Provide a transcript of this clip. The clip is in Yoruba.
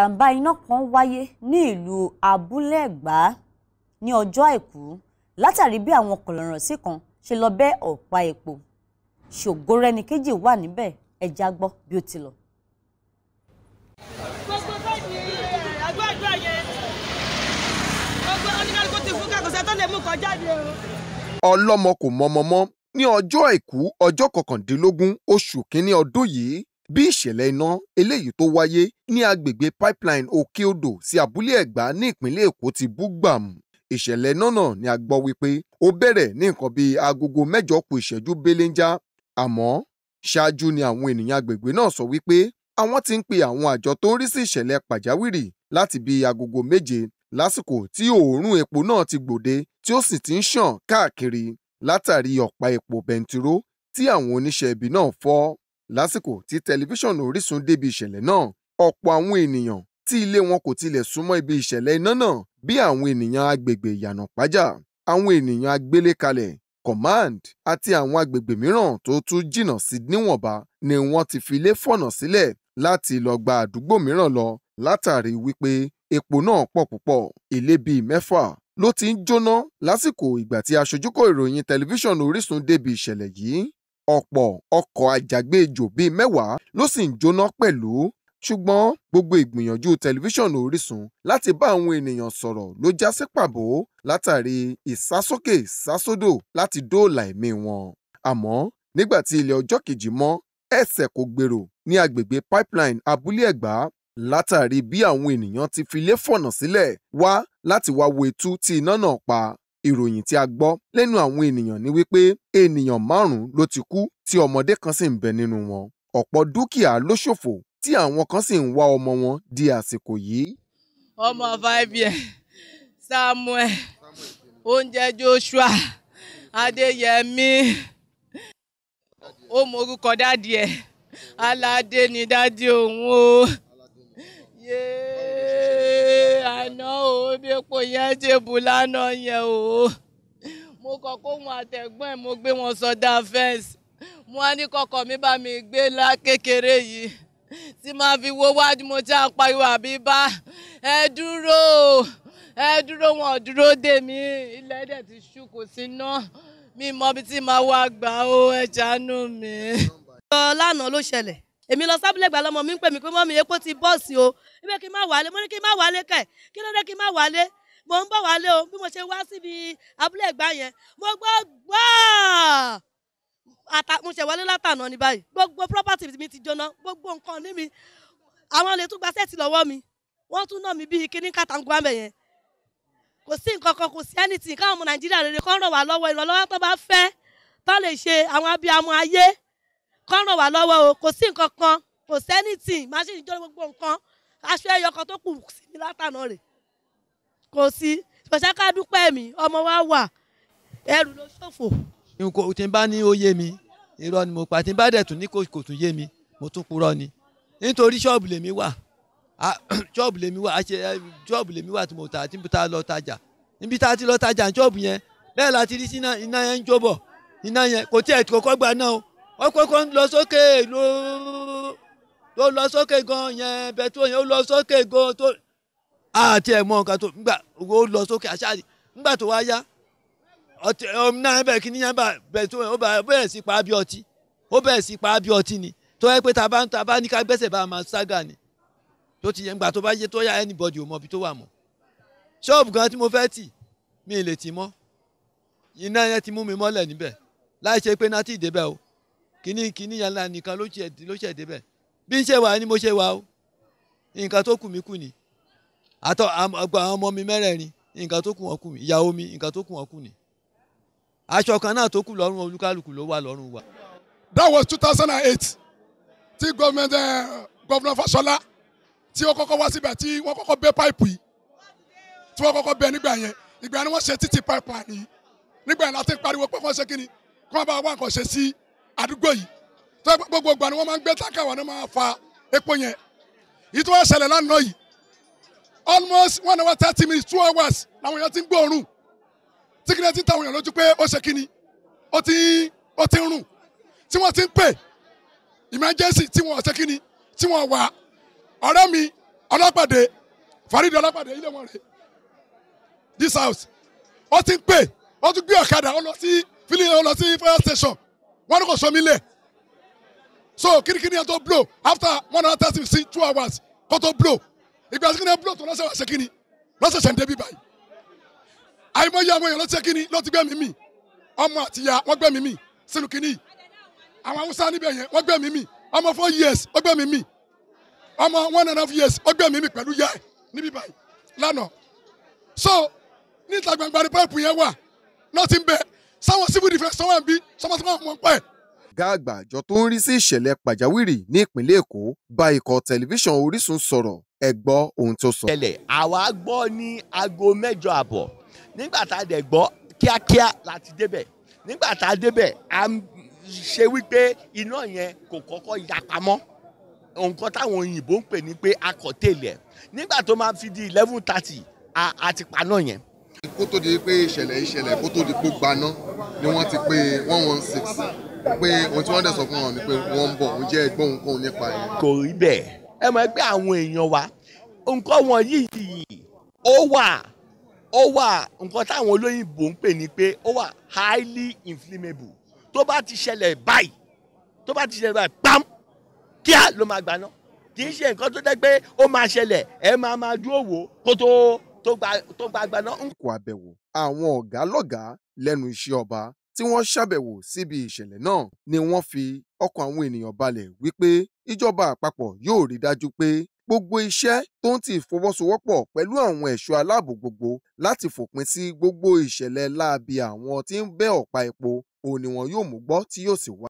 ìjàmbá iná kan wáyé ní ìlú abúlé ẹ̀gbá ní ọjọ́ àìkú látàrí bí àwọn kọ̀lọ̀rọ̀sí kan ṣe lọ bẹ́ ọ̀pá epo ṣògórẹ́nìkejì wà níbẹ̀ ẹja gbọ́ bí ó ti lọ. gbogbo báyìí àgọ́ àdúrà yẹn gbogbo oníkálukú ti fún kàkọ́sẹ́ tó lè mú kan jáde o. ọlọ́mọ kò mọ ọmọ mọ́ ní ọjọ́ àìkú ọjọ́ kọkàndínlógún oṣù kínní ọdún yìí bí ìṣẹ̀lẹ̀ iná eléyìí tó wáyé ní agbègbè pipeline òkè-odò sí abúlé ẹ̀gbá ní ìpínlẹ̀ èkó ti bú gbàmù ìṣẹ̀lẹ̀ iná náà ni a gbọ́ wípé ó bẹ̀rẹ̀ ní nǹkan bíi agogo mẹ́jọ kù ìṣẹ́jú béléńjá àmọ́ ṣáájú ni àwọn ènìyàn agbègbè náà sọ wípé àwọn ti ń pe àwọn àjọ tó ń rí sí ìṣẹ̀lẹ̀ pàjáwìrì láti bíi agogo méje lásìkò tí òórùn epo náà ti gbòde tí ó sì ti ń ṣàn káàkiri látàrí ọ̀pá epo bẹntiró tí àwọn oníṣẹ́ ibi náà fọ́ lásìkò tí tẹlifíṣàn Orísun débi ìṣẹ̀lẹ̀ náà ọ̀pọ̀ àwọn ènìyàn tí ilé wọn kò tilẹ̀ súnmọ́ ibi ìṣẹ̀lẹ̀ iná náà bí àwọn ènìyàn agbègbè ìyànà pájà àwọn ènìyàn agbélékalẹ̀ command àti àwọn agbègbè mìíràn tó tún jìnnà sí níwọ̀nba ni wọ́n ti fi ilé fọ̀nà sílẹ̀ láti lọ gba àdúgbò mìíràn lọ látàrí wípé epo náà pọ̀ púpọ̀ ilé bíi mẹ́fà ló ti ń jóná lásìkò ìgbà tí aṣojúkọ ìròyìn tẹlifíṣàn Orísun débi ìṣẹ̀lẹ̀ yìí ọ̀pọ̀ ọkọ̀ ajàgbé-ejò bíi mẹ́wàá ló sì ń jóná pẹ̀lú ṣùgbọ́n gbogbo ìgbìyànjú tẹlifíṣàn Orísun láti bá àwọn ènìyàn sọ̀rọ̀ ló já sí pàbó látàrí ìsásókè sásódò láti dóòlà ẹ̀mí wọn. àmọ́ nígbà tí ilẹ̀ ọjọ́ kejì mọ́ ẹsẹ̀ kò gbèrò ní agbègbè pipeline abúlé ẹ̀gbá látàrí bí àwọn ènìyàn ti filé fọ̀nà sílẹ̀ wá láti wá wo etú tí iná náà pa ìròyìn tí a gbọ́ lẹ́nu àwọn ènìyàn ni wípé ènìyàn márùn-ún ló ti kú tí ọmọdé kan sì ń bẹ nínú wọn. ọ̀pọ̀ dúkìá ló ṣòfò tí àwọn kan sì ń wá ọmọ wọn di àsìkò yìí. ọmọ five years Samuel oúnjẹ Joshua Adéyẹmí ó morúkọ dádìí ẹ̀ aládé ni dádìí òun o. o bí epo yẹn ṣe bù lánàá yẹn o mo kọ kó wọn àtẹ̀gbọ́n mo gbé wọn sọdá fẹ́ǹsì mo á ní kọkọ mi bá mi gbé lá kékeré yìí tí máa fi wo wájú mo ti àpariwo àbí bá ẹ dúró ẹ dúró wọn dúró dè mí ilẹ̀ dẹ̀ ti ṣú kò sí ná mi mọ ibi tí màá wá gbà ó ẹ mi. lánàá ló ṣẹlẹ̀ èmi lọ sábìlẹ̀ ìgbà lọ́mọ mi ń pè mí pé mọ́mí epo ti bọ́ọ̀sì o ibẹ̀ kí n má wálé mo ní kí n má wálé kẹ̀ kí ló dé kí n má o bí mo ṣe wá síbi abúlé ìgbà yẹn mo gbọ́ gbọ́ọ̀ mo ṣe wọlé látànà ní báyìí gbogbo property mi ti jóná gbogbo nǹkan ní mi àwọn olè tún gba sẹ́ẹ̀tì lọ́wọ́ mi wọ́n tún ná mi bíi kíní kàtàǹgù àmì yẹn kò sí nǹkan kan kò sí anything káwọn ọmọ nàìjíríà rere wá kan ràn wá lọ́wọ́ o kò sí nǹkan kan kò sẹ́ni tì máṣíìnì jọ́ gbogbo nǹkan aṣọ ẹyọ kan tó kù sí mi látànà rẹ̀ kò sí ìpèsè ká dúpẹ́ mi ọmọ wa wà ẹrù ló ṣòfò. nǹkan tí n bá ní ó yé mi irọ́ ni mo pa tí n bá dẹ̀ tún ní kò tún yé mi mo tún purọ́ ni nítorí ṣọ́ọ̀bù lèmi wà ṣọ́ọ̀bù lèmi wà ṣọ́ọ̀bù lèmi wà tí mo ta tí mo ta lọ tajà níbi tá a ti lọ tajà ṣọ́ọ̀bù yẹn bẹ́ẹ̀ la ti rí sí iná yẹn ń jó iná yẹn kò tí ẹ̀ kọ́kọ́ gba náà o ọkọ̀ kan lọ sókè ló ló lọ sókè gan yẹn bẹ̀tú yẹn ó lọ sókè gan tó àti ẹ̀ mọ nǹkan tó ngbà ó lọ sókè àṣàdì ngbà tó wá yá ọtí ọmọ náà bẹ̀rẹ̀ kí níyàn bá bẹ̀tú yẹn ó bẹ̀rẹ̀ sí pa á bí ọtí ó bẹ̀rẹ̀ sí pa á bí ọtí ni tó yẹ pé tàbá tàbá ní ká gbẹ́sẹ̀ bá máa ságà ni tó ti yẹ ngbà tó bá yẹ tó yá anybody ò mọ ibi tó wà mọ́ ṣọ́ọ̀bù gan tí mo fẹ́ tì mi ì lè tì mọ́ iná yẹn ti mú mi mọ́lẹ̀ níbẹ̀ láì ṣe pé náà ti débẹ̀ o kíní kíní yàrá nìkan ló ṣe ló ṣe débẹ̀ bí n ṣe wà ni mo ṣe wà o nǹkan tó kù mí kù ni àtọ àgbà ọmọ mi mẹ́rẹ̀ẹ̀rin nǹkan tó kù wọn kù mí ìyàwó mi nǹkan tó kù wọn kù ni aṣọ kan náà tó kù lọ́rùn olúkálùkù ló wà lọ́rùn wa. that was two thousand and eight tí gọ́ọ̀mẹ̀ntì eh, gọ́ọ̀mẹ̀ntì Fáṣọlá tí ó kọ́kọ́ wá síbẹ̀ tí wọ́n kọ́kọ́ bẹ́ páìpù yìí tí wọ́n kọ́kọ́ bẹ́ nígbà yẹn ìgbà ni wọ́n ṣe títì páìpù àní nígbà yẹn láti pariwo pé wọ́n ṣe kíni kí wọ́n bá wá nǹkan ṣe sí àdúgbò yìí tó gbogbo ìgbà ni wọ́n máa ń gbé táǹkà wọn ni wọ́n máa fa epo yẹn yìí tó wá ṣẹlẹ̀ lánàá yìí almost one hour thirty minutes two hours làwọn èèyàn ti ń gbóòórùn tí kìnìún ti ń tàwọn èèyàn lójú pé ó ṣe kíni ó ti ó ti ń rùn tí wọ́n ti ń pè emergency tí wọ́n ṣe kíni tí wọ́n wà ọ̀rẹ́ mi ọlọ́pàdé Farid ọlọ́pàdé ilé wọn rè this house ó ti ń pè ó tún gbé ọ̀kadà ó lọ sí fílẹ̀ ó lọ sí fire station wọ́n ní kò sọ mí lẹ̀ so kirikiri yẹn tó blow after one hundred thirty six two hours kó tó blow ìgbà tí kìnìún blow tó lọ́sẹ̀ wá sẹ́kìnì lọ́sẹ̀ sẹ̀ ń débi báyìí àìmọye àwọn èèyàn lọ́sẹ̀ kìnì ló ti gbẹ̀mí mi ọmọ àtìyá wọ́n gbẹ̀mí mi sínú kìnì àwọn haúsá níbẹ̀ yẹn wọ́n gbẹ̀mí mi ọmọ four years ó gbẹ̀mí mi ọmọ one and a half years ó gbẹ̀mí mi pẹ̀lú yá ẹ̀ níbi báyìí lánàá so níta gbangba ni pẹ́ẹ́pù yẹn wà nothing bẹ́ẹ̀ sáwọn civil defence sáwọn àbí sáwọn tí wọ́n mọ̀ pẹ́. ọ̀gá àgbà àjọ tó ń rí sí ìṣẹ̀lẹ̀ pàjáwìrì ní ìpínlẹ̀ Èkó bá ikọ̀ tẹlifíṣàn Orísun sọ̀rọ̀ ẹ gbọ́ ohun tó sọ. tẹ́lẹ̀ àwa gbọ́ ní aago mẹ́jọ àbọ̀ nígbà tá a dẹ̀ gbọ́ kíákíá láti débẹ̀ nígbà tá a débẹ̀ a ṣe wípé iná yẹn kò kọ́kọ́ yapamọ́ nǹkan táwọn òyìnbó ń pè ní pé akọ̀tẹ́lẹ̀ nígbà tó máa fi di eleven thirty a ti paná yẹn kó tó di pé ìṣẹ̀lẹ̀ ìṣẹ̀lẹ̀ kó tó di pé gbaná ni wọ́n ti pé one one six pé ohun tí wọ́n dẹ̀ sọ fún wọn ni pé wọ́n ń bọ̀ òun jẹ́ ẹgbọ́n nǹkan nípa ẹ̀. kò rí bẹ́ẹ̀ ẹ mọ̀ pé àwọn èèyàn wa nǹkan wọn yìí ó wà ó wà nǹkan táwọn olóyìnbó ń pè ní pé ó wà highly inflammable tó bá ti ṣẹlẹ̀ báyìí tó bá ti ṣẹlẹ̀ báyìí pam kíá ló máa gbaná kì í ṣe nǹkan tó dẹ́ pé ó máa ṣẹlẹ̀ ẹ máa máa dúró wò kó tó gba agbaná ń kó àbẹ̀wò àwọn ọ̀gá lọ́gàá lẹ́nu iṣẹ́ ọba tí wọ́n ṣàbẹ̀wò síbi ìṣẹ̀lẹ̀ náà ni wọ́n fi ọkàn àwọn ènìyàn balẹ̀ wípé ìjọba àpapọ̀ yóò rí dájú pé gbogbo iṣẹ́ tó ń ti fọwọ́sowọ́pọ̀ pẹ̀lú àwọn ẹ̀ṣọ́ aláàbò gbogbo láti fòpin sí gbogbo ìṣẹ̀lẹ̀ láabi àwọn tí ń bẹ́ ọ̀pá epo òun ni wọn yóò mú gbọ́ tí yóò sì wá.